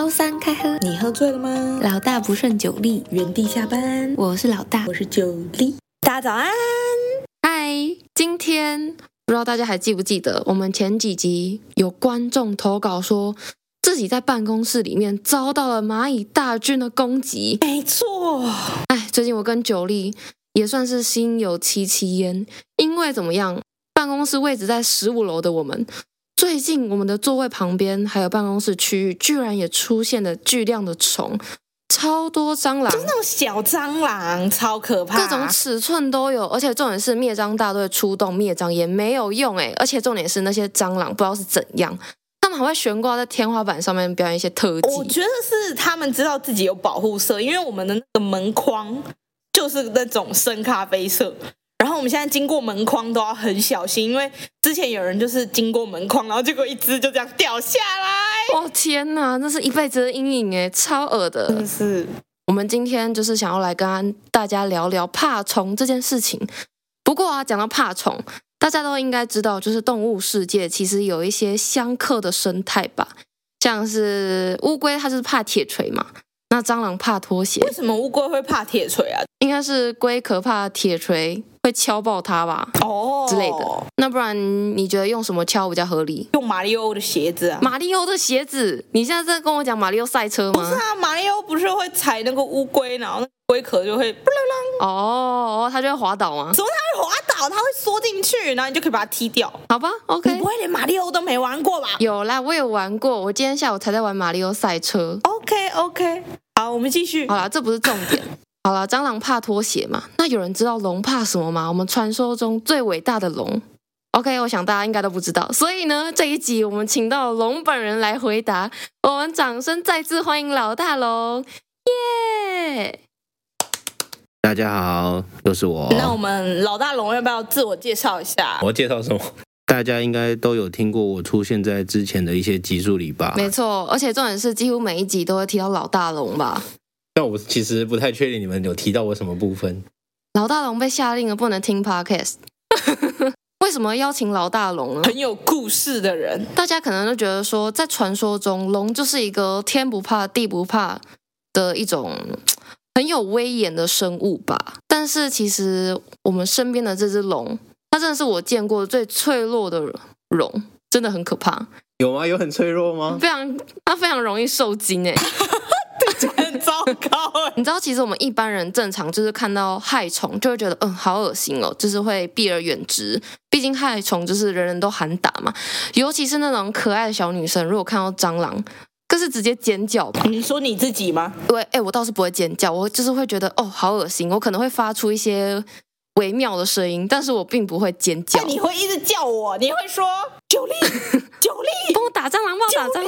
高三開喝，你喝醉了嗎？老大不勝酒力，原地下班。我是老大，我是酒力。大家早安，嗨！今天不知道大家還記不記得，我們前幾集有觀眾投稿說自己在辦公室裡面遭到了螞蟻大軍的攻擊。沒錯，哎，最近我跟酒力也算是心有戚戚焉，因為怎麼樣，辦公室位置在十五樓的我們。最近，我們的座位旁邊還有辦公室區域，居然也出現了巨量的蟲，超多蟑螂，就那種小蟑螂，超可怕，各種尺寸都有。而且重點是滅蟑大隊出動滅蟑也沒有用，哎，而且重點是那些蟑螂不知道是怎樣，他們還會懸掛在天花板上面表演一些特技。我覺得是他們知道自己有保護色，因為我們的那個門框就是那種深咖啡色。我們現在經過門框都要很小心，因為之前有人就是經過門框，然後結果一隻就這樣掉下來。哦，天哪，那是一輩子的陰影哎，超惡的。真的是。我們今天就是想要來跟大家聊聊怕蟲這件事情。不過啊，講到怕蟲，大家都應該知道，就是動物世界其實有一些相克的生態吧，像是烏龜它就是怕鐵鎚嘛，那蟑螂怕拖鞋。為什麼烏龜會怕鐵鎚啊？應該是龜殼怕鐵鎚。會敲爆他吧，哦、oh. 之類的。那不然你覺得用什麼敲比較合理？用馬里奧的鞋子啊。馬里奧的鞋子？你現在在跟我講馬里奧賽車嗎？不是啊，馬里奧不是會踩那個烏龜，然後那龜殼就會撲稜。哦，它就會滑倒嗎？什麼？它會滑倒？它會縮進去，然後你就可以把它踢掉？好吧，OK。你不會連馬里奧都沒玩過吧？有啦，我有玩過。我今天下午才在玩馬里奧賽車。OK OK。好，我們繼續。好了，這不是重點。 好了，蟑螂怕拖鞋嘛？那有人知道龍怕什麼嗎？我們傳說中最偉大的龍。OK，我想大家應該都不知道。所以呢，這一集我們請到龍本人來回答。我們掌聲再次歡迎老大龍！耶、yeah!！大家好，又是我。那我們老大龍要不要自我介紹一下？我介紹什麼？大家應該都有聽過我出現在之前的一些集數裡吧？沒錯，而且重點是幾乎每一集都會提到老大龍吧？那我其實不太確定你們有提到我什麼部分。老大龍被下令了，不能聽 podcast。 為什麼邀請老大龍呢？很有故事的人，大家可能都覺得說，在傳說中，龍就是一個天不怕地不怕的一種很有威嚴的生物吧。但是其實我們身邊的這隻龍，它真的是我見過最脆弱的龍，真的很可怕。有嗎？有很脆弱嗎？非常，它非常容易受驚哎。對，真的。你知道，其實我們一般人正常就是看到害蟲就會覺得嗯，好噁心哦，就是會避而遠之。畢竟害蟲就是人人都喊打嘛。尤其是那種可愛的小女生，如果看到蟑螂，可是直接尖叫吧。你說你自己嗎？對哎、欸，我倒是不會尖叫，我就是會覺得哦，好噁心，我可能會發出一些微妙的聲音，但是我並不會尖叫。你會一直叫我？你會說九力九力，力 幫我打蟑螂，幫我打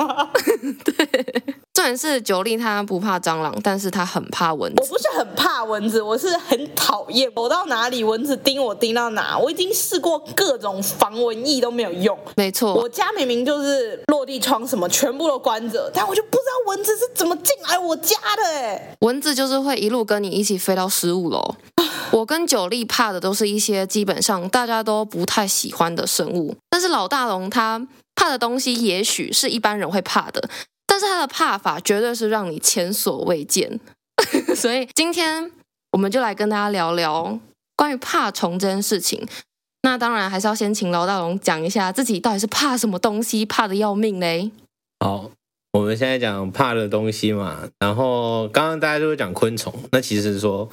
蟑螂。啊、 對。雖然是九莉他不怕蟑螂，但是他很怕蚊子。我不是很怕蚊子，我是很討厭。我到哪裡蚊子叮我叮到哪。我已經試過各種防蚊液，都沒有用。沒錯啊，我家明明就是落地窗什麼全部都關着，但我就不知道蚊子是怎麼進來我家的欸。哎，蚊子就是會一路跟你一起飛到十五樓。 我跟九莉怕的都是一些基本上大家都不太喜歡的生物，但是老大龍他怕的東西也許是一般人會怕的。但是他的怕法絕對是讓你前所未見， 所以今天我們就來跟大家聊聊關於怕蟲這件事情。那當然還是要先請老大龍講一下自己到底是怕什麼東西，怕得要命嘞。好，我們現在講怕的東西嘛，然後剛剛大家都會講昆蟲，那其實說。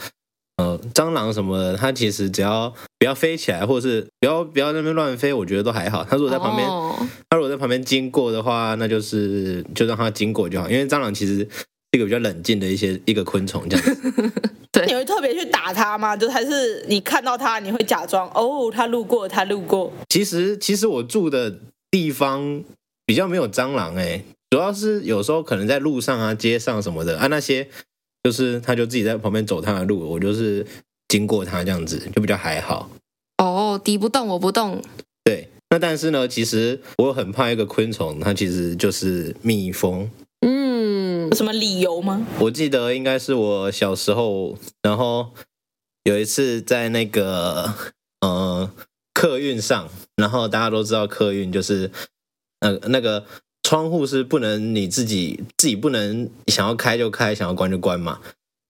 呃，蟑螂什麼的，它其實只要不要飛起來，或者是不要不要那邊亂飛，我覺得都還好。它如果在旁邊，oh. 它如果在旁邊經過的話，那就是就讓它經過就好。因為蟑螂其實是一個比較冷靜的一些一個昆蟲這樣子。 對，你會特別去打它嗎？就還是你看到它，你會假裝哦，它路過，它路過。其實其實我住的地方比較沒有蟑螂欸，主要是有時候可能在路上啊、街上什麼的啊那些。就是，他就自己在旁邊走他的路，我就是經過他這樣子，就比較還好。哦，敵不動我不動。對，那但是呢，其實我很怕一個昆蟲，它其實就是蜜蜂。嗯，有什麼理由嗎？我記得應該是我小時候，然後有一次在那個呃客運上，然後大家都知道客運就是呃那個。窗戶是不能你自己自己不能想要開就開，想要關就關嘛。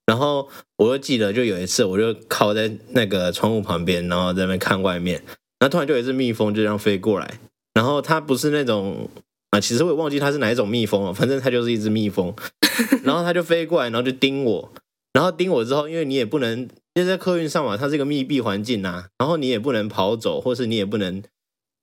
然後我就記得就有一次，我就靠在那個窗戶旁邊，然後在那邊看外面，然後突然就有一隻蜜蜂就這樣飛過來。然後它不是那種啊、呃，其實我也忘記它是哪一種蜜蜂了，反正它就是一隻蜜蜂。然後它就飛過來，然後就叮我。然後叮我之後，因為你也不能因為在客運上嘛，它是一個密閉環境啊，然後你也不能跑走，或是你也不能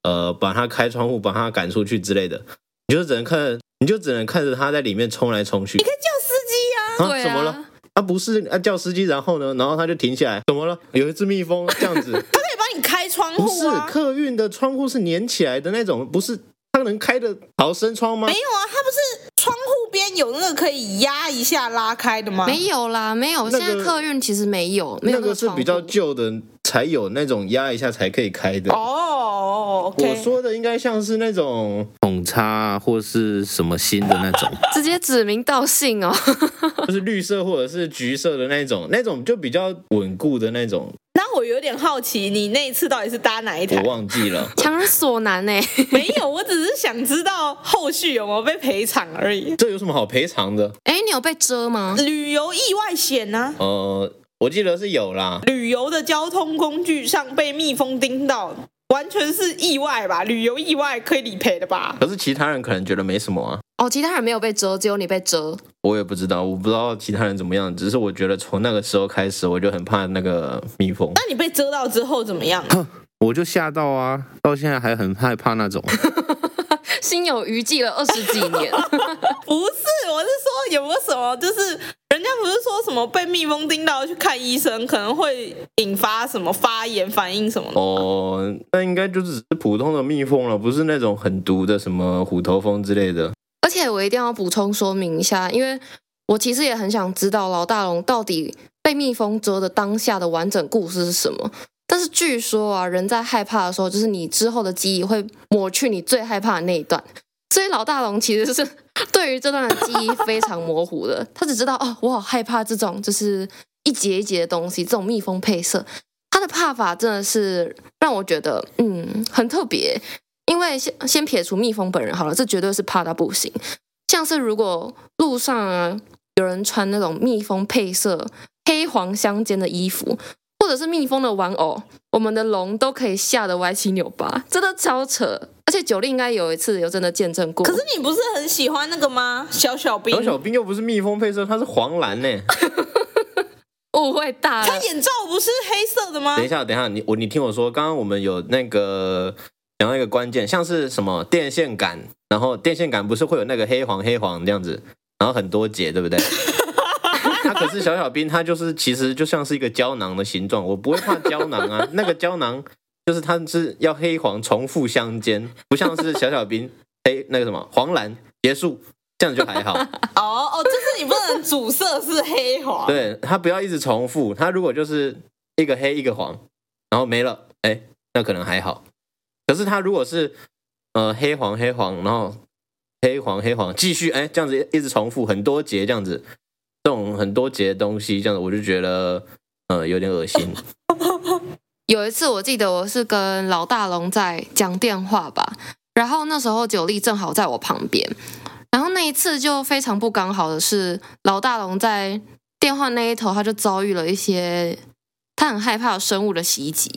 呃把它開窗戶把它趕出去之類的。你就只能看，你就只能看着他在裡面衝來衝去。你可以叫司機呀、啊，啊對啊。怎麼了？啊不是啊，叫司機，然後呢，然後他就停下來。怎麼了？有一隻蜜蜂這樣子。 他可以幫你開窗戶。不是，客運的窗戶是粘起來的那種，不是他能開的逃生窗嗎？沒有啊，他不是窗戶邊有那個可以壓一下拉開的嗎？沒有啦，沒有，現在客運其實沒有。那個是比較舊的。才有那種壓一下才可以開的哦。Oh, okay。我說的應該像是那種孔叉，或是什麼新的那種，直接指名道姓哦。就是綠色或者是橘色的那種，那種就比較穩固的那種。那我有點好奇，你那一次到底是搭哪一條？我忘記了，強人所難呢、欸。沒有，我只是想知道後續有沒有被賠償而已。這有什麼好賠償的？哎，你有被遮嗎？旅遊意外險呢、啊？呃。我記得是有啦，旅遊的交通工具上被蜜蜂叮到，完全是意外吧？旅遊意外可以理賠的吧？可是其他人可能覺得沒什麼啊。哦，其他人沒有被蟄，只有你被蟄。我也不知道，我不知道其他人怎麼樣，只是我覺得從那個時候開始，我就很怕那個蜜蜂。那你被蟄到之後怎麼樣啊？我就嚇到啊，到現在還很害怕那種，心 有餘悸了二十幾年。 不是，我是說有沒有什麼就是。人家不是說什麼被蜜蜂叮到去看醫生，可能會引發什麼發炎反應什麼的哦。那應該就只是普通的蜜蜂了，不是那種很毒的什麼虎頭蜂之類的。而且我一定要補充說明一下，因為我其實也很想知道老大龍到底被蜜蜂蟄的當下的完整故事是什麼。但是據說啊，人在害怕的時候，就是你之後的記憶會抹去你最害怕的那一段，所以老大龍其實是。對於這段記憶非常模糊的，他只知道哦，我好害怕這種就是一節一節的東西，這種蜜蜂配色，他的怕法真的是讓我覺得嗯很特別。因為先先撇除蜜蜂本人好了，這絕對是怕到不行。像是如果路上啊，有人穿那種蜜蜂配色黑黃相間的衣服。或者是蜜蜂的玩偶，我們的龍都可以嚇得歪七扭八，真的超扯。而且九莉應該有一次有真的見證過。可是你不是很喜歡那個嗎？小小兵，小小兵又不是蜜蜂配色，它是黃藍呢。誤 會大了，他眼罩不是黑色的嗎？等一下，等一下，你我你聽我說，剛剛我們有那個講到一個關鍵，像是什麼電線杆，然後電線杆不是會有那個黑黃黑黃那樣子，然後很多節，對不對？ 它可是小小兵，它就是其實就像是一個膠囊的形狀。我不會怕膠囊啊，那個膠囊就是它是要黑黃重複相間，不像是小小兵黑那個什麼黃藍結束，這樣就還好。哦哦，就是你不能主色是黑黃。對，它不要一直重複。它如果就是一個黑一個黃，然後沒了，哎，那可能還好。可是它如果是呃黑黃黑黃，然後黑黃黑黃繼續，哎，這樣子一直重複很多節這樣子。這種很多節的東西，這樣我就覺得，呃，有點噁心。 有一次我記得我是跟老大龍在講電話吧，然後那時候九力正好在我旁邊，然後那一次就非常不剛好的是老大龍在電話那一頭，他就遭遇了一些，他很害怕生物的襲擊。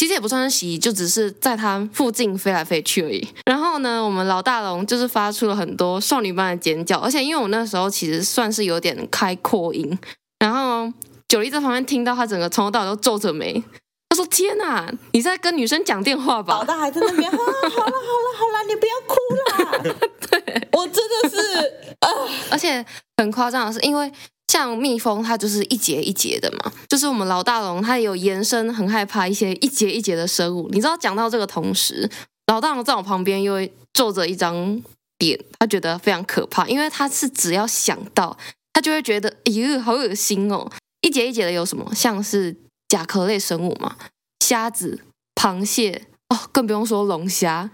其實也不算是襲，就只是在它附近飛來飛去而已。然後呢，我們老大龍就是發出了很多少女般的尖叫，而且因為我那時候其實算是有點開擴音。然後 Jolie 在旁邊聽到，他整個從頭到尾都皺着眉。他說：“天哪，你在跟女生講電話吧？”老大還在那邊， 啊、好了好了好了，你不要哭了。 對，我真的是。Oh, 而且很誇張的是，因為像蜜蜂，它就是一節一節的嘛，就是我們老大龍，它有延伸，很害怕一些一節一節的生物。你知道，講到這個同時，老大龍在我旁邊又會坐着一張臉，他覺得非常可怕，因為他是只要想到，他就會覺得、哎，咦，好惡心哦，一節一節的有什麼？像是甲殼類生物嘛，蝦子、螃蟹，哦，更不用說龍蝦，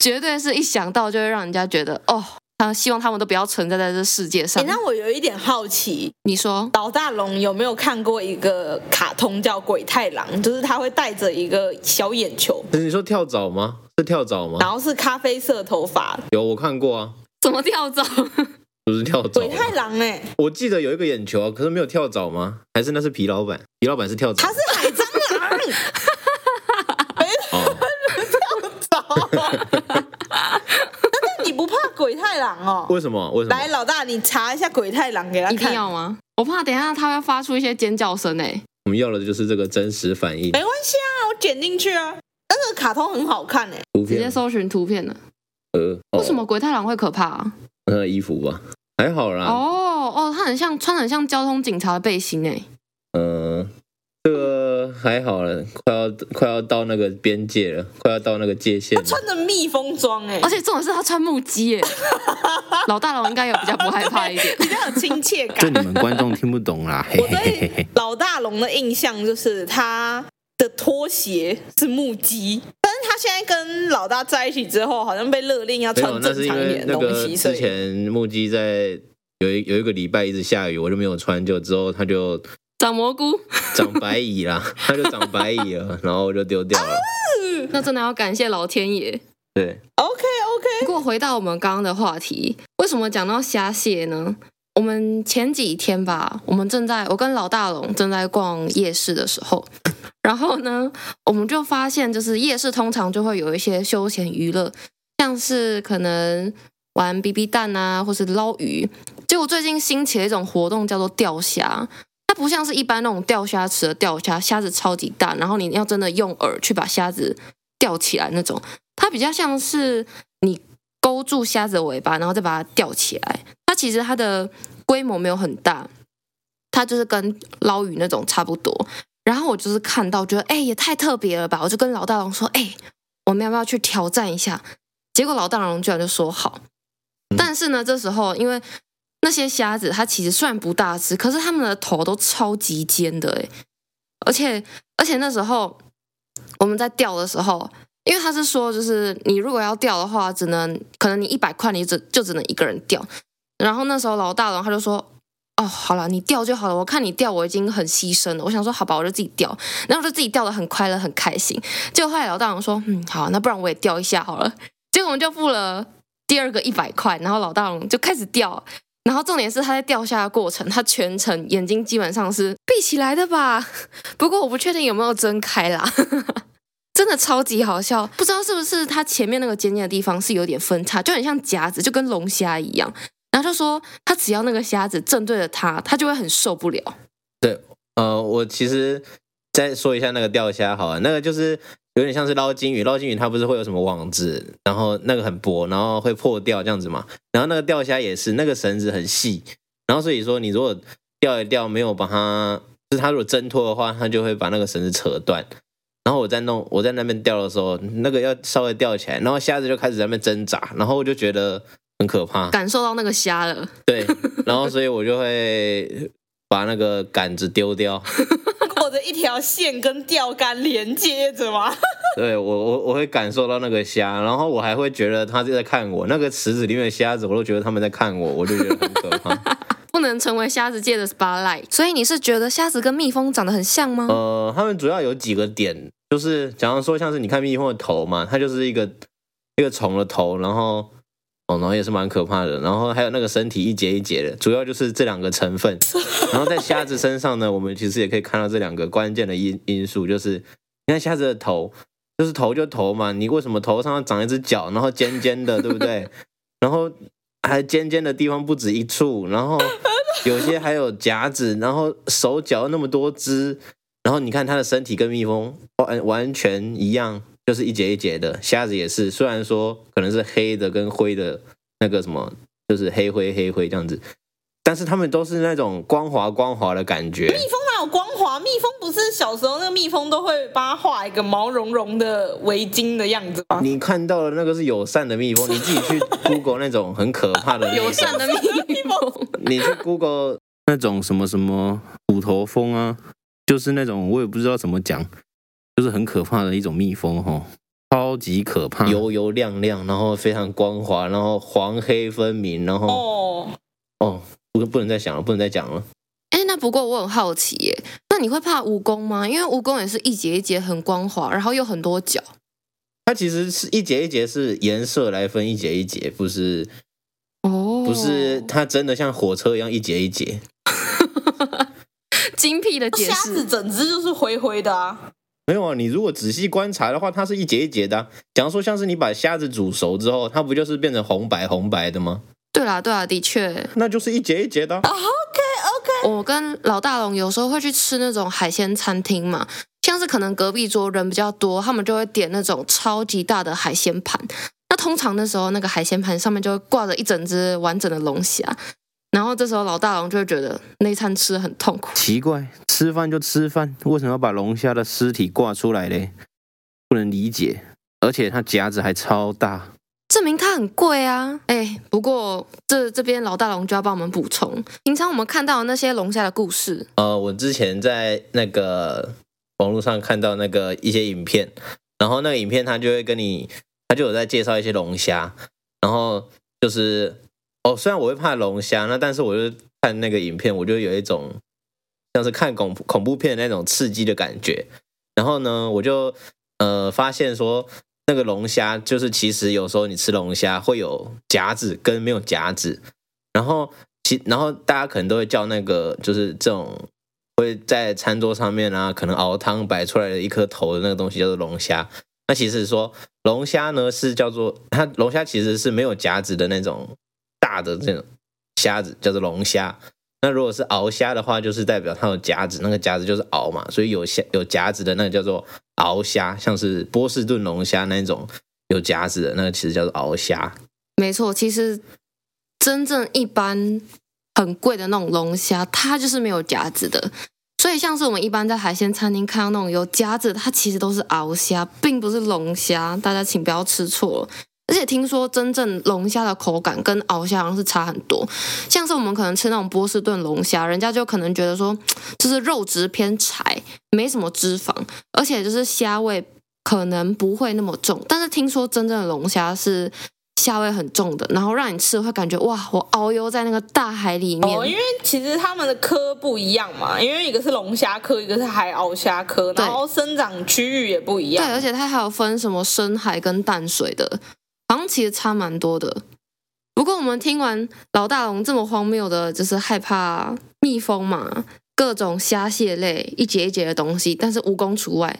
絕對是一想到就會讓人家覺得，哦。希望他們都不要存在在這世界上。你讓、欸、我有一點好奇，你說，老大龍有沒有看過一個卡通叫《鬼太郎》，就是他會帶着一個小眼球？欸、你說跳蚤嗎？是跳蚤嗎？然後是咖啡色頭髮。有，我看過啊。怎麼跳蚤？不 是跳蚤。鬼太郎哎、欸，我記得有一個眼球、啊，可是沒有跳蚤嗎？還是那是皮老板？皮老板是跳蚤？他是海蟑螂。哈哈哈哈哈沒跳蚤。 鬼太郎哦，為什麼？為什麼？來，老大，你查一下鬼太郎，給他看要嗎？我怕等一下他會發出一些尖叫聲誒、欸。我們要的就是這個真實反應。沒關係啊，我剪進去啊。那個卡通很好看誒、欸，直接搜尋圖片的。呃，哦、為什麼鬼太郎會可怕、啊？呃，衣服吧，還好啦。哦哦，他很像穿很像交通警察的背心誒、欸。嗯、呃。這、呃、還好了，快要快要到那個邊界了，快要到那個界限。他穿的蜜蜂裝哎，而且重點是他穿木屐哎、欸。 老大龍應該有比較不害怕一點， 比較有親切感。對，你們觀眾聽不懂啦。 我對老大龍的印象就是他的拖鞋是木屐，但是他現在跟老大在一起之後，好像被勒令要穿正常一點的東西。那是那個之前木屐在有一有一個禮拜一直下雨，我就沒有穿就，就之後他就。長蘑菇，長白蟻啦，它 就長白蟻了， 然後我就丟掉了。Uh, 那真的要感謝老天爺。 對，OK OK。不過回到我們剛剛的話題，為什麼講到蝦蟹呢？我們前幾天吧，我們正在我跟老大龍正在逛夜市的時候，然後呢，我們就發現，就是夜市通常就會有一些休閒娛樂，像是可能玩 BB 彈啊，或是撈魚。結果最近興起了一種活動叫做釣蝦。不像是一般那種釣蝦池的釣蝦，蝦子超級大，然後你要真的用餌去把蝦子釣起來那種，它比較像是你勾住蝦子尾巴，然後再把它釣起來。它其實它的規模沒有很大，它就是跟撈魚那種差不多。然後我就是看到覺得，欸，也太特別了吧，我就跟老大龍說，欸，我們要不要去挑戰一下？結果老大龍居然就說好。但是呢，這時候因為那些蝦子，它其實雖然不大隻，可是它們的頭都超級尖的誒，而且，而且那時候我們在釣的時候，因為他是說，就是你如果要釣的話，只能可能你一百塊你就，你只就只能一個人釣。然後那時候老大龍他就說：“哦，好啦，你釣就好了，我看你釣，我已經很犧牲了。”我想說：“好吧，我就自己釣。”然後我就自己釣得很快樂，很開心。結果後來老大龍說：“嗯，好，那不然我也釣一下好了。”結果我們就付了第二個一百塊，然後老大龍就開始釣。然後重點是他在釣蝦的過程，他全程眼睛基本上是閉起來的吧？不過我不確定有沒有睜開啦呵呵。真的超級好笑，不知道是不是他前面那個尖尖的地方是有點分叉，就很像夾子，就跟龍蝦一樣。然後就說他只要那個蝦子正對着他，他就會很受不了。對，呃，我其實再說一下那個釣蝦好了，那個就是。有點像是撈金魚，撈金魚它不是會有什麼網子，然後那個很薄，然後會破掉這樣子嘛。然後那個釣蝦也是，那個繩子很細，然後所以說你如果釣一釣沒有把它，就是它如果掙脫的話，它就會把那個繩子扯斷。然後我在弄，我在那邊釣的時候，那個要稍微釣起來，然後蝦子就開始在那邊掙扎，然後我就覺得很可怕，感受到那個蝦了。對，然後所以我就會把那個桿子丟掉。 着一條線跟釣竿連接着嗎？ 對，我我我會感受到那個蝦，然後我還會覺得它就在看我。那個池子裡面的蝦子，我都覺得他們在看我，我就覺得很可怕。 不能成為蝦子界的 Spotlight。所以你是覺得蝦子跟蜜蜂長得很像嗎？呃，它們主要有幾個點，就是，假如說像是你看蜜蜂的頭嘛，它就是一個一個蟲的頭，然後。哦，oh, 然後也是蠻可怕的。然後還有那個身體一節一節的，主要就是這兩個成分。然後在蝦子身上呢，我們其實也可以看到這兩個關鍵的因因素，就是你看蝦子的頭，就是頭就頭嘛，你為什麼頭上要長一隻腳，然後尖尖的，對不對？ 然後還尖尖的地方不止一處，然後有些還有夾子，然後手腳那麼多隻，然後你看它的身體跟蜜蜂完完全一樣。就是一節一節的，蝦子也是，雖然說可能是黑的跟灰的，那個什麼，就是黑灰黑灰這樣子，但是他們都是那種光滑光滑的感覺。蜜蜂哪有光滑？蜜蜂不是小時候那個蜜蜂都會幫它畫一個毛茸茸的圍巾的樣子嗎？啊、你看到的那個是友善的蜜蜂，你自己去 Google 那種很可怕的友 善的蜜蜂， 你去 Google 那種什麼什麼虎頭蜂啊，就是那種我也不知道怎麼講。就是很可怕的一種蜜蜂哈，超級可怕，油油亮亮，然後非常光滑，然後黃黑分明，然後哦哦，不不，能再想了，不能再講了。哎、欸，那不過我很好奇耶，那你會怕蜈蚣嗎？因為蜈蚣也是一節一節很光滑，然後有很多腳。它其實是一節一節是顏色來分一節一節，不是哦，不是它真的像火車一樣一節一節。 精闢的解釋，蝦子整只就是灰灰的啊。沒有啊，你如果仔細觀察的話，它是一節一節的啊。假如說像是你把蝦子煮熟之後，它不就是變成紅白紅白的嗎？對啦、啊，對啦、啊，的確，那就是一節一節的啊。Oh, OK OK。我跟老大龍有時候會去吃那種海鮮餐廳嘛，像是可能隔壁桌人比較多，他們就會點那種超級大的海鮮盤。那通常的時候，那個海鮮盤上面就會掛着一整隻完整的龍蝦。然後這時候老大龍就會覺得那一餐吃得很痛苦。奇怪，吃飯就吃飯，為什麼要把龍蝦的屍體掛出來嘞？不能理解，而且它夾子還超大，證明它很貴啊！哎，不過這這邊老大龍就要幫我們補充，平常我們看到的那些龍蝦的故事。呃，我之前在那個網絡上看到那個一些影片，然後那個影片他就會跟你，他就有在介紹一些龍蝦，然後就是。哦，雖然我會怕龍蝦，那但是我就看那個影片，我就有一種像是看恐恐怖片的那種刺激的感覺。然後呢，我就呃發現說，那個龍蝦就是其實有時候你吃龍蝦會有夾子跟沒有夾子。然後其然後大家可能都會叫那個就是這種會在餐桌上面啊，可能熬湯擺出來的一顆頭的那個東西叫做龍蝦。那其實說龍蝦呢是叫做它龍蝦其實是沒有夾子的那種。大的這種蝦子叫做龍蝦，那如果是螯蝦的話，就是代表它有夾子，那個夾子就是螯嘛，所以有蝦有夾子的那個叫做螯蝦，像是波士頓龍蝦那種有夾子的那個其實叫做螯蝦。沒錯，其實真正一般很貴的那種龍蝦，它就是沒有夾子的，所以像是我們一般在海鮮餐廳看到那種有夾子，它其實都是螯蝦，並不是龍蝦，大家請不要吃錯了。而且聽說，真正龍蝦的口感跟螯蝦好像是差很多。像是我們可能吃那種波士頓龍蝦，人家就可能覺得說，就是肉質偏柴，沒什麼脂肪，而且就是蝦味可能不會那麼重。但是聽說真正的龍蝦是蝦味很重的，然後讓你吃會感覺哇，我遨遊在那個大海裡面。哦，因為其實他們的科不一樣嘛，因為一個是龍蝦科，一個是海螯蝦科，對然後生長區域也不一樣。對，而且它還有分什麼深海跟淡水的。好像其實差蠻多的，不過我們聽完老大龍這麼荒謬的，就是害怕蜜蜂嘛，各種蝦蟹類一節一節的東西，但是蜈蚣除外。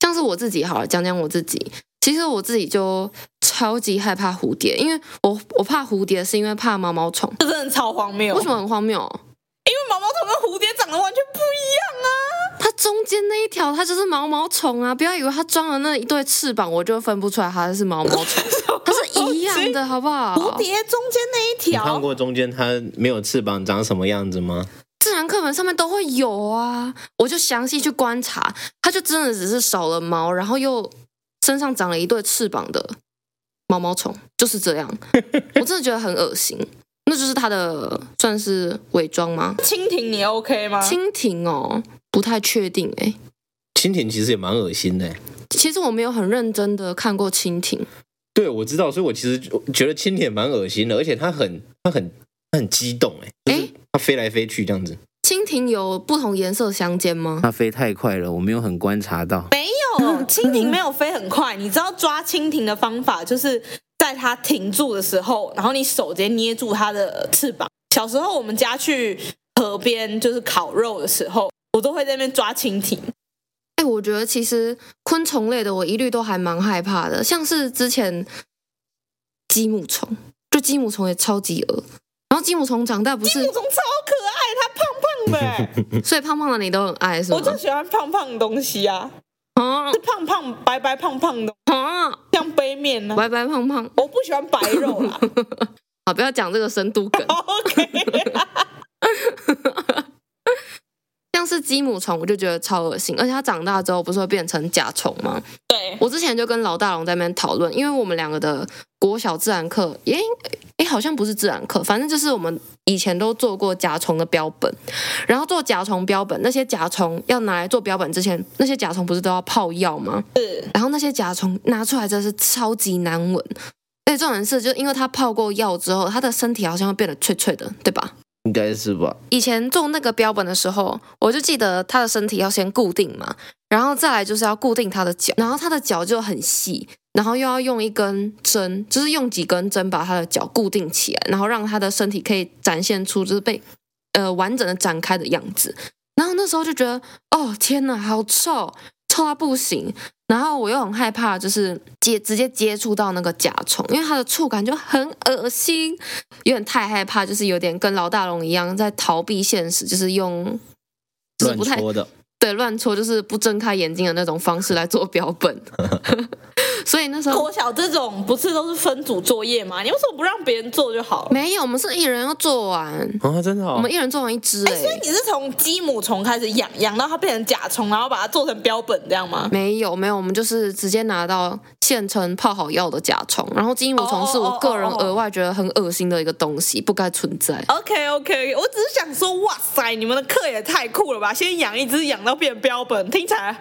像是我自己，好了，講講我自己，其實我自己就超級害怕蝴蝶，因為我我怕蝴蝶是因為怕毛毛蟲，這真的超荒謬。為什麼很荒謬？因為毛毛蟲跟蝴蝶長得完全不一樣啊！中間那一條，它就是毛毛蟲啊！不要以為它裝了那一對翅膀，我就分不出來它是毛毛蟲。它是一樣的，好不好？蝴蝶中間那一條，你看過中間它沒有翅膀長什麼樣子嗎？自然課本上面都會有啊！我就詳細去觀察，它就真的只是少了毛，然後又身上長了一對翅膀的毛毛蟲，就是這樣。我真的覺得很惡心，那就是它的算是偽裝嗎？蜻蜓，你 OK 嗎？蜻蜓哦。不太確定哎、欸，蜻蜓其實也蠻惡心的、欸。其實我沒有很認真的看過蜻蜓。對，我知道，所以我其實覺得蜻蜓蠻惡心的，而且它很、它很、它很激動哎、欸，哎，它飛來飛去這樣子。欸，蜻蜓有不同顏色相間嗎？它飛太快了，我沒有很觀察到。沒有，蜻蜓沒有飛很快。你知道抓蜻蜓的方法，就是在它停住的時候，然後你手直接捏住它的翅膀。小時候我們家去河邊就是烤肉的時候。我都會在那邊抓蜻蜓。哎、欸，我覺得其實昆蟲類的，我一律都還蠻害怕的，像是之前雞母蟲，就雞母蟲也超級噁。然後雞母蟲長大不是？雞母蟲超可愛，它胖胖的、欸，所以胖胖的你都很愛是嗎？我就喜歡胖胖的東西啊，啊、嗯，是胖胖白白胖胖的啊，嗯、像杯面呢、啊，白白胖胖。我不喜歡白肉啦。啊， 不要講這個深度梗 ok 雞母蟲我就覺得超噁心，而且它長大之後不是會變成甲蟲嗎？對。我之前就跟老大龍在那邊討論，因為我們兩個的國小自然課，也、欸、誒、欸，好像不是自然課，反正就是我們以前都做過甲蟲的標本，然後做甲蟲標本，那些甲蟲要拿來做標本之前，那些甲蟲不是都要泡藥嗎？對然後那些甲蟲拿出來真的是超級難聞，而且重點是，就因為它泡過藥之後，它的身體好像會變得脆脆的，對吧？應該是吧？以前做那個標本的時候，我就記得他的身體要先固定嘛，然後再來就是要固定他的腳，然後他的腳就很細，然後又要用一根針，就是用幾根針把他的腳固定起來，然後讓他的身體可以展現出就是被呃完整的展開的樣子。然後那時候就覺得，哦，天吶，好臭！臭到不行，然後我又很害怕，就是接直接接觸到那個甲蟲，因為它的觸感就很噁心，有點太害怕，就是有點跟老大龍一樣在逃避現實，就是用亂戳的，是不太，對，亂戳，就是不睜開眼睛的那種方式來做標本。 所以那時候國小這種不是都是分組作業嗎？你為什麼不讓別人做就好了？沒有，我們是一人要做完。啊、真的。我們一人做完一只、欸欸。所以你是從雞母蟲開始養，養到它變成甲蟲，然後把它做成標本這樣嗎？沒有，沒有，我們就是直接拿到現成泡好藥的甲蟲。然後雞母蟲是我個人額外覺得很噁心的一個東西，不該存在。Oh, oh, oh, oh. OK OK，我只是想說，哇塞，你們的課也太酷了吧！先養一只，養到變成標本，聽起來。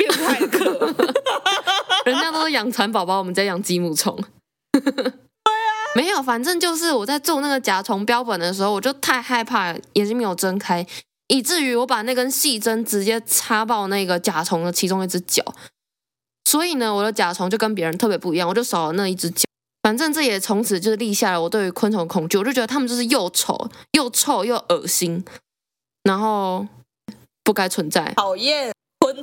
人家都是養蠶寶寶，我們在養雞母蟲。對啊。沒有，反正就是我在做那個甲蟲標本的時候，我就太害怕眼睛沒有睜開，以至於我把那根細針直接插爆那個甲蟲的其中一只腳。所以呢，我的甲蟲就跟別人特別不一樣，我就少了那一只腳。反正這也從此就是立下了我對於昆蟲恐懼，我就覺得他們就是又醜又臭又噁心，然後不該存在，討厭。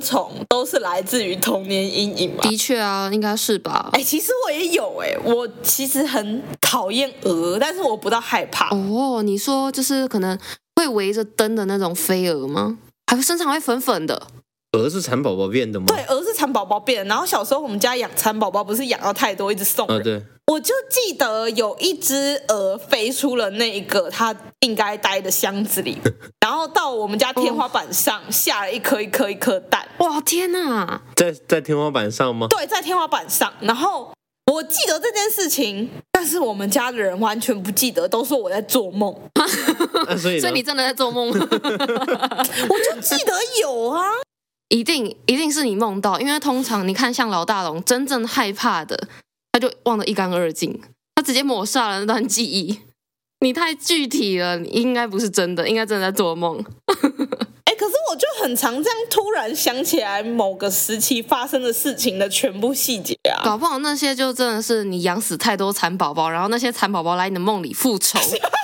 蟲都是來自於童年陰影嗎？的確啊，應該是吧。哎、欸，其實我也有哎、欸，我其實很討厭蛾，但是我不到害怕。哦，你說就是可能會圍着燈的那種飛蛾嗎？還會身上會粉粉的？蛾是蠶寶寶變的嗎？對，蛾是蠶寶寶變的。然後小時候我們家養蠶寶寶，不是養了太多，一直送。啊、哦，對，我就記得有一隻蛾飛出了那個它應該待的箱子裡，然後到我們家天花板上、哦、下了一顆一顆一顆蛋。哇，天哪、啊！在在天花板上嗎？對，在天花板上。然後我記得這件事情，但是我們家的人完全不記得，都說我在做夢、啊。所以，所以你真的在做夢嗎？ 我就記得有啊。一定一定是你夢到，因為通常你看像老大龍真正害怕的，他就忘得一乾二淨，他直接抹殺了那段記憶。你太具體了，你應該不是真的，應該真的在做夢。哎、 欸，可是我就很常這樣，突然想起來某個時期發生的事情的全部細節啊，搞不好那些就真的是你養死太多蠶寶寶，然後那些蠶寶寶來你的夢裡復仇。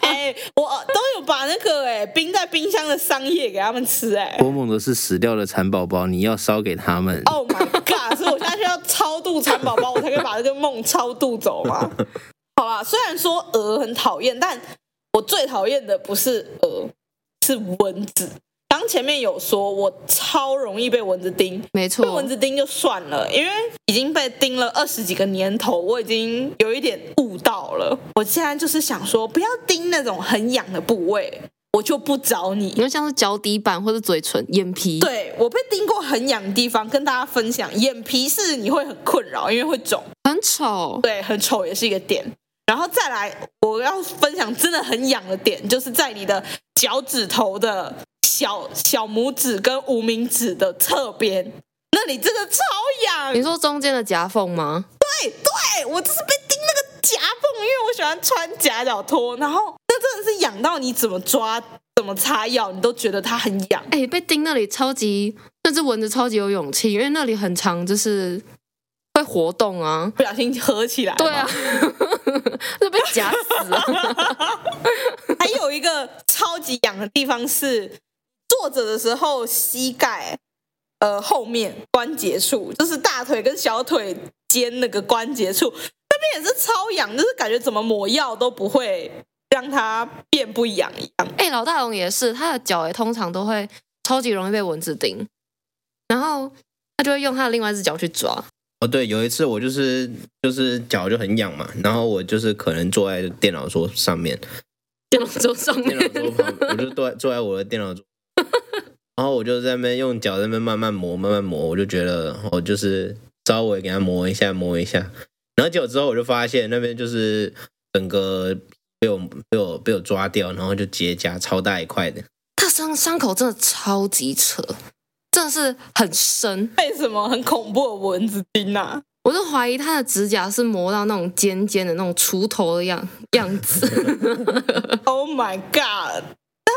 哎、 欸，我都有把那個哎、欸、冰在冰箱的桑葉給他們吃，哎、欸。我夢的是死掉的蠶寶寶，你要燒給他們。Oh my god！所以我現在需要超度蠶寶寶，我才可以把這個夢超度走嘛。 好啊，雖然說鵝很討厭，但我最討厭的不是鵝，是蚊子。剛前面有說我超容易被蚊子叮，沒錯，被蚊子叮就算了，因為已經被叮了二十幾個年頭，我已經有一點悟到了。我現在就是想說，不要叮那種很癢的部位，我就不找你，因為像是腳底板或者嘴唇、眼皮。對，我被叮過很癢的地方跟大家分享，眼皮是你會很困擾，因為會腫，很醜。對，很醜也是一個點。然後再來，我要分享真的很癢的點，就是在你的腳趾頭的。小小拇指跟無名指的側邊，那裡真的超癢。你說中間的夾縫嗎？對對，我就是被叮那個夾縫，因為我喜歡穿夾腳拖，然後那真的是癢到你怎麼抓、怎麼擦藥，你都覺得它很癢。哎、欸，被叮那裡超級，那隻蚊子超級有勇氣，因為那裡很長，就是會活動啊，不小心合起來了，對啊，就 被夾死了、啊。 還有一個超級癢的地方是。坐着的時候膝，膝蓋呃後面關節處，就是大腿跟小腿間那個關節處，那邊也是超癢，就是感覺怎麼抹藥都不會讓它變不癢一樣。哎、欸，老大龍也是，他的腳也通常都會超級容易被蚊子叮，然後他就會用他的另外一隻腳去抓。哦，對，有一次我就是就是腳就很癢嘛，然後我就是可能坐在電腦桌上面，電腦桌上面，我就坐坐在我的電腦桌。然後我就在那邊用腳在那邊慢慢磨，慢慢磨，我就覺得我就是稍微給它磨一下，磨一下。然後結果之後，我就發現那邊就是整個被我被我被我，被我抓掉，然後就結痂，超大一塊的。他的傷傷口真的超級扯，真的是很深。為什麼很恐怖的蚊子叮啊！我都懷疑他的指甲是磨到那種尖尖的那種鋤頭的樣樣子。 oh my god！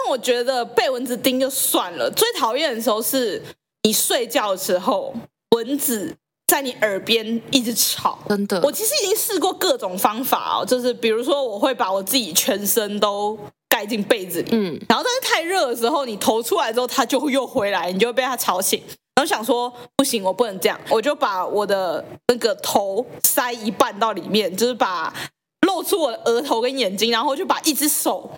我覺得被蚊子叮就算了，最討厭的時候是你睡覺的時候，蚊子在你耳邊一直吵。真的，我其實已經試過各種方法哦，就是比如說我會把我自己全身都蓋進被子裡，嗯，然後但是太熱的時候，你頭出來之後，它就會又回來，你就會被它吵醒。然後想說不行，我不能這樣，我就把我的那個頭塞一半到裡面，就是把露出我的額頭跟眼睛，然後就把一只手。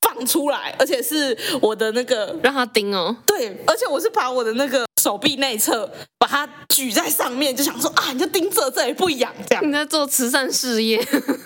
放出來，而且是我的那個讓它叮哦，對，而且我是把我的那個手臂內側把它舉在上面，就想說啊，你就叮著，這也不癢，這樣。你在做慈善事業， 我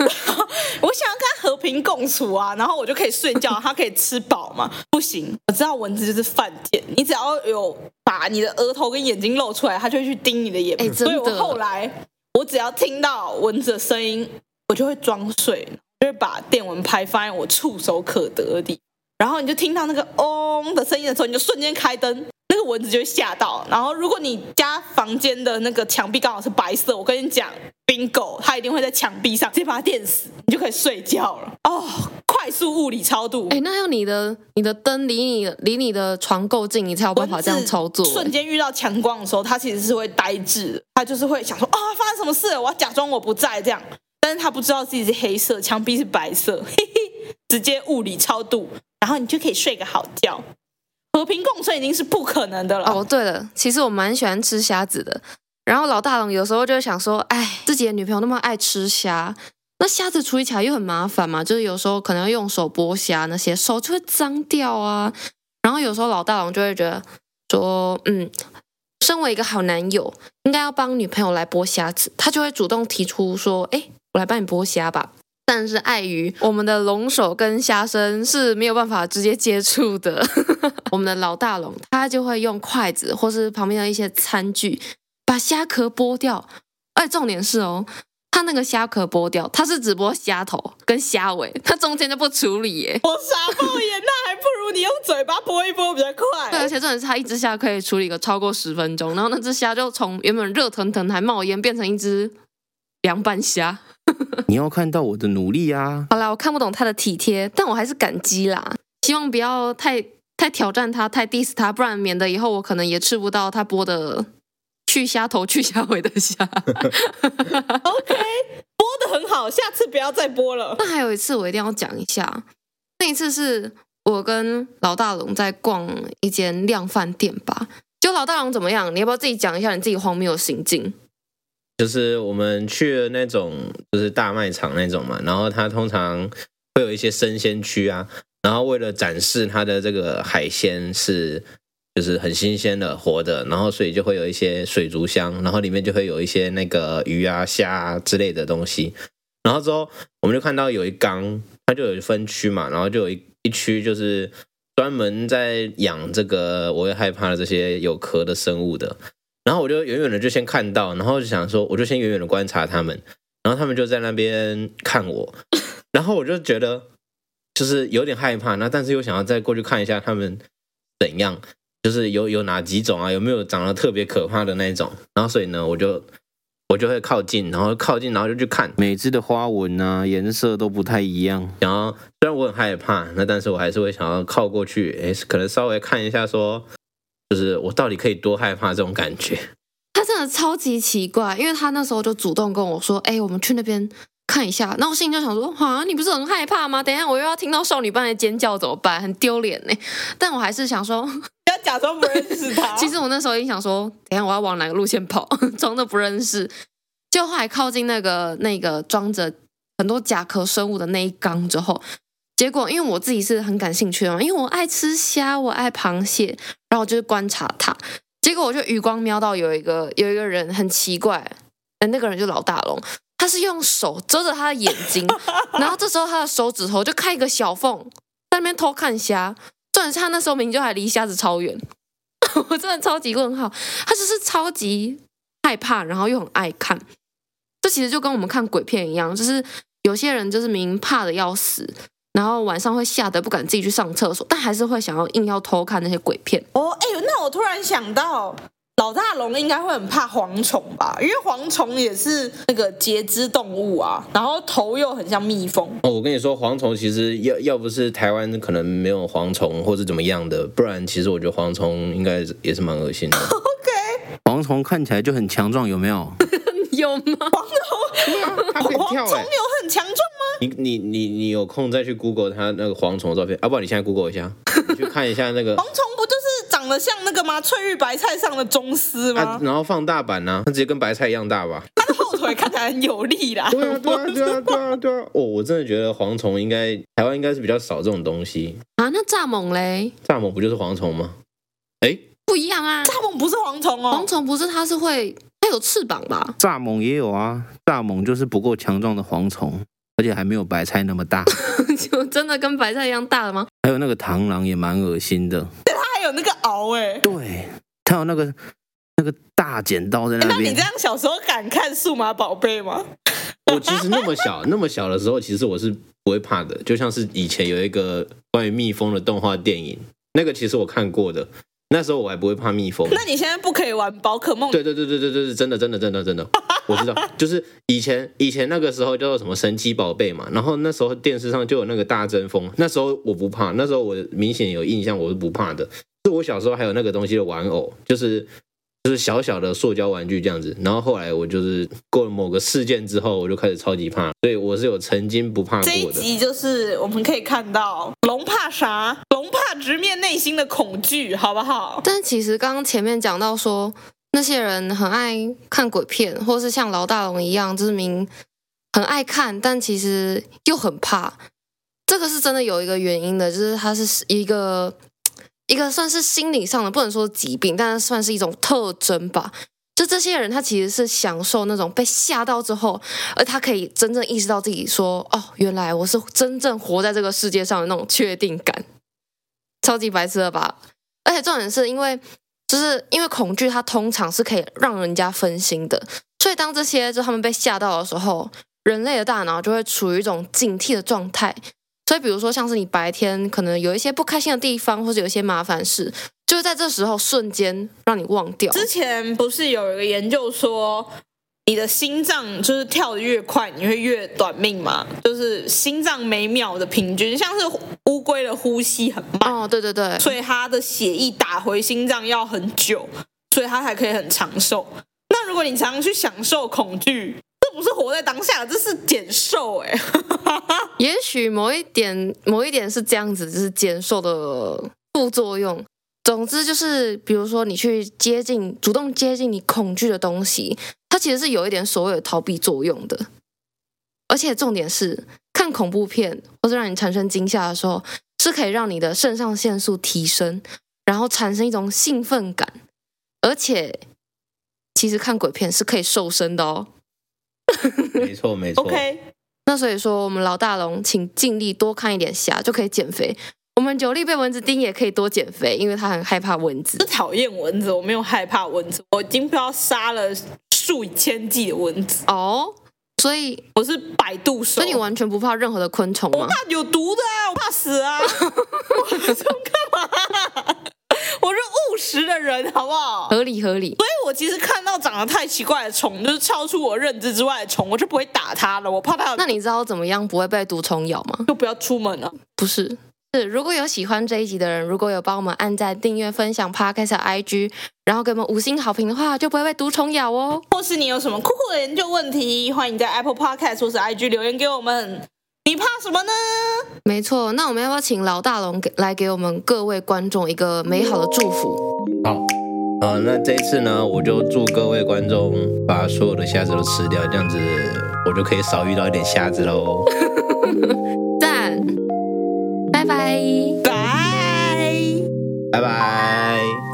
想要跟他和平共處啊，然後我就可以睡覺，他可以吃飽嘛。 不行，我知道蚊子就是犯賤，你只要有把你的額頭跟眼睛露出來，他就會去叮你的眼。欸，真的。所以我後來，我只要聽到蚊子的聲音，我就會裝睡。就是把電蚊拍放在我觸手可得的地方，然後你就聽到那個嗡、哦、的聲音的時候，你就瞬間開燈，那個蚊子就會嚇到。然後如果你家房間的那個牆壁剛好是白色，我跟你講，Bingo 它一定會在牆壁上直接把它電死，你就可以睡覺了。哦、oh,，快速物理超度。哎、欸，那要你的你的燈離你離你的床夠近，你才有辦法這樣操作、欸。瞬間遇到強光的時候，它其實是會呆滯，它就是會想說啊、哦，發生什麼事了？我要假裝我不在這樣。但是他不知道自己是黑色，牆壁是白色，嘿嘿，直接物理超度，然後你就可以睡個好覺，和平共存已經是不可能的了。哦，oh, 對了，其實我蠻喜歡吃蝦子的。然後老大龍有時候就想說，哎，自己的女朋友那麼愛吃蝦，那蝦子處理起來又很麻煩嘛，就是有時候可能要用手剝蝦，那些手就會髒掉啊。然後有時候老大龍就會覺得說，嗯，身為一個好男友，應該要幫女朋友來剝蝦子，他就會主動提出說，哎。我來幫你剝蝦吧，但是礙於我們的龍手跟蝦身是沒有辦法直接接觸的， 我們的老大龍它就會用筷子或是旁邊的一些餐具把蝦殼剝掉。重點是哦，它那個蝦殼剝掉，它是只剝蝦頭跟蝦尾，它中間就不處理耶。我傻爆眼，那還不如你用嘴巴剝一剝比較快。 對，而且重點是它一隻蝦可以處理個超過十分鐘，然後那隻蝦就從原本熱騰騰還冒煙變成一隻涼拌蝦。你要看到我的努力啊！ 好啦，我看不懂他的體貼，但我還是感激啦。希望不要太太挑戰他，太 diss 他，不然免得以後我可能也吃不到他剝的去蝦頭、去蝦尾的蝦。 OK，剝得很好，下次不要再剝了。 那還有一次，我一定要講一下，那一次是我跟老大龍在逛一間量販店吧？就老大龍怎麼樣？你要不要自己講一下你自己荒謬的行徑？就是我們去了那種，就是大賣場那種嘛，然後它通常會有一些生鮮區啊，然後為了展示它的這個海鮮是就是很新鮮的，活的，然後所以就會有一些水族箱，然後裡面就會有一些那個魚啊、蝦啊之類的東西，然後之後我們就看到有一缸，它就有分區嘛，然後就有一一區就是專門在養這個我也害怕的這些有殼的生物的。然後我就遠遠的就先看到，然後就想說，我就先遠遠的觀察他們，然後他們就在那邊看我，然後我就覺得就是有點害怕，那但是又想要再過去看一下他們怎樣，就是有有哪幾種啊，有沒有長得特別可怕的那一種，然後所以呢，我就我就會靠近，然後靠近，然後就去看每只的花紋啊，顏色都不太一樣，然後雖然我很害怕，那但是我還是會想要靠過去，誒，可能稍微看一下說。就是我到底可以多害怕這種感覺？他真的超級奇怪，因為他那時候就主動跟我說：“哎、欸，我們去那邊看一下。”那我心裡就想說：“啊，你不是很害怕嗎？等一下我又要聽到少女般的尖叫怎麼辦？很丟臉呢。”但我還是想說要假裝不認識他。 其實我那時候已經想說，等下我要往哪個路線跑，裝 着不認識。就後來靠近那個那個裝着很多甲殼生物的那一缸之後。結果，因為我自己是很感興趣的嘛，因為我愛吃蝦，我愛螃蟹，然後我就觀察它。結果我就餘光瞄到有一個有一個人很奇怪，那、欸、那個人就老大龍，他是用手遮着他的眼睛，然後這時候他的手指頭就開一個小縫，在那邊偷看蝦。重點是他那時候明明就還離蝦子超遠， 我真的超級問號，他就是超級害怕，然後又很愛看。這其實就跟我們看鬼片一樣，就是有些人就是明明怕的要死。然後晚上會嚇得不敢自己去上廁所，但還是會想要硬要偷看那些鬼片。哦，哎呦，那我突然想到，老大龍應該會很怕蝗蟲吧？因為蝗蟲也是那個節肢動物啊，然後頭又很像蜜蜂。哦，我跟你說，蝗蟲其實要要不是台灣可能沒有蝗蟲，或是怎麼樣的，不然其實我覺得蝗蟲應該也是蠻噁心的。OK，蝗蟲看起來就很強壯，有沒有？ 有嗎？蝗蟲，蝗、 啊、蟲有很強壯。你你你你有空再去 Google 它那個蝗蟲的照片啊，不然，你現在 Google 一下，你去看一下那個蝗蟲， 蝗蟲不就是長得像那個嗎？翠玉白菜上的螽斯嗎、啊？然後放大版呢、啊？它直接跟白菜一樣大吧？它的後腿看起來很有力啦。 對、啊、對、啊、對、啊、對、啊、對、啊對啊、哦，我真的覺得蝗蟲應該台灣應該是比較少這種東西啊。那蚱蜢嘞？蚱蜢不就是蝗蟲嗎？哎、欸，不一樣啊！蚱蜢不是蝗蟲哦，蝗蟲不是，它是會它有翅膀吧？蚱蜢也有啊，蚱蜢就是不夠強壯的蝗蟲。而且還沒有白菜那麼大， 就真的跟白菜一樣大的嗎？還有那個螳螂也蠻噁心的。對，它還有那個螯哎、欸，對，他有那個那個大剪刀在那裡、欸。那你這樣小時候敢看《數碼寶貝》嗎？ 我其實那麼小，那麼小的時候，其實我是不會怕的。就像是以前有一個關於蜜蜂的動畫電影，那個其實我看過的，那時候我還不會怕蜜蜂。那你現在不可以玩寶可夢？對對對對對對，真的真的真的真的。真的真的 我知道，就是以前以前那個時候叫做什麼神奇寶貝嘛，然後那時候電視上就有那個大針蜂，那時候我不怕，那時候我明顯有印象我是不怕的，是我小時候還有那個東西的玩偶，就是就是小小的塑膠玩具這樣子，然後後來我就是過了某個事件之後，我就開始超級怕，所以我是有曾經不怕過的。這一集就是我們可以看到龍怕啥，龍怕直面內心的恐懼，好不好？但其實剛剛前面講到說。那些人很愛看鬼片，或是像老大龍一樣，就是名，很愛看，但其實又很怕。這個是真的有一個原因的，就是他是一個一個算是心理上的，不能說疾病，但是算是一種特徵吧。就這些人，他其實是享受那種被嚇到之後，而他可以真正意識到自己說：“哦，原來我是真正活在這個世界上的那種確定感。”超級白痴了吧？而且重點是因為。就是因為恐懼，它通常是可以讓人家分心的。所以當這些就他們被嚇到的時候，人類的大腦就會處於一種警惕的狀態。所以比如說，像是你白天可能有一些不開心的地方，或者有一些麻煩事，就會在這時候瞬間讓你忘掉。之前不是有一個研究說，你的心臟就是跳得越快，你會越短命嘛？就是心臟每秒的平均，像是烏龜的呼吸很慢。哦，對對對，所以它的血液打回心臟要很久，所以它才可以很長壽。那如果你常常去享受恐懼，這不是活在當下，這是減壽哎、欸。 也許某一點，某一點是這樣子，就是減壽的副作用。總之就是，比如說你去接近、主動接近你恐懼的東西，它其實是有一點所謂的逃避作用的。而且重點是，看恐怖片或是讓你產生驚嚇的時候，是可以讓你的腎上腺素提升，然後產生一種興奮感。而且，其實看鬼片是可以瘦身的哦。沒錯沒錯。沒錯 OK，那所以說，我們老大龍請盡力多看一點蝦，就可以減肥。我們久力被蚊子叮也可以多減肥，因為他很害怕蚊子，我是討厭蚊子。我沒有害怕蚊子，我已經不要殺了數以千計的蚊子哦。Oh, 所以我是百度手，所以你完全不怕任何的昆蟲嗎？我怕有毒的啊，我怕死啊。我是什麼？我是務實的人，好不好？合理合理。所以我其實看到長得太奇怪的蟲，就是超出我認知之外的蟲，我就不會打它了。我怕它。那你知道怎麼樣不會被毒蟲咬嗎？就不要出門了啊。不是。是，如果有喜歡這一集的人，如果有幫我們按讚、訂閱、分享 Podcast 和 IG，然後給我們五星好評的話，就不會被毒蟲咬哦。或是你有什麼酷酷的研究問題，歡迎在 Apple Podcast 或是 IG 留言給我們。你怕什麼呢？沒錯，那我們要不要請老大龍給來給我們各位觀眾一個美好的祝福？好，呃，那這一次呢，我就祝各位觀眾把所有的蝦子都吃掉，這樣子我就可以少遇到一點蝦子嘍。 拜拜，拜拜，拜拜。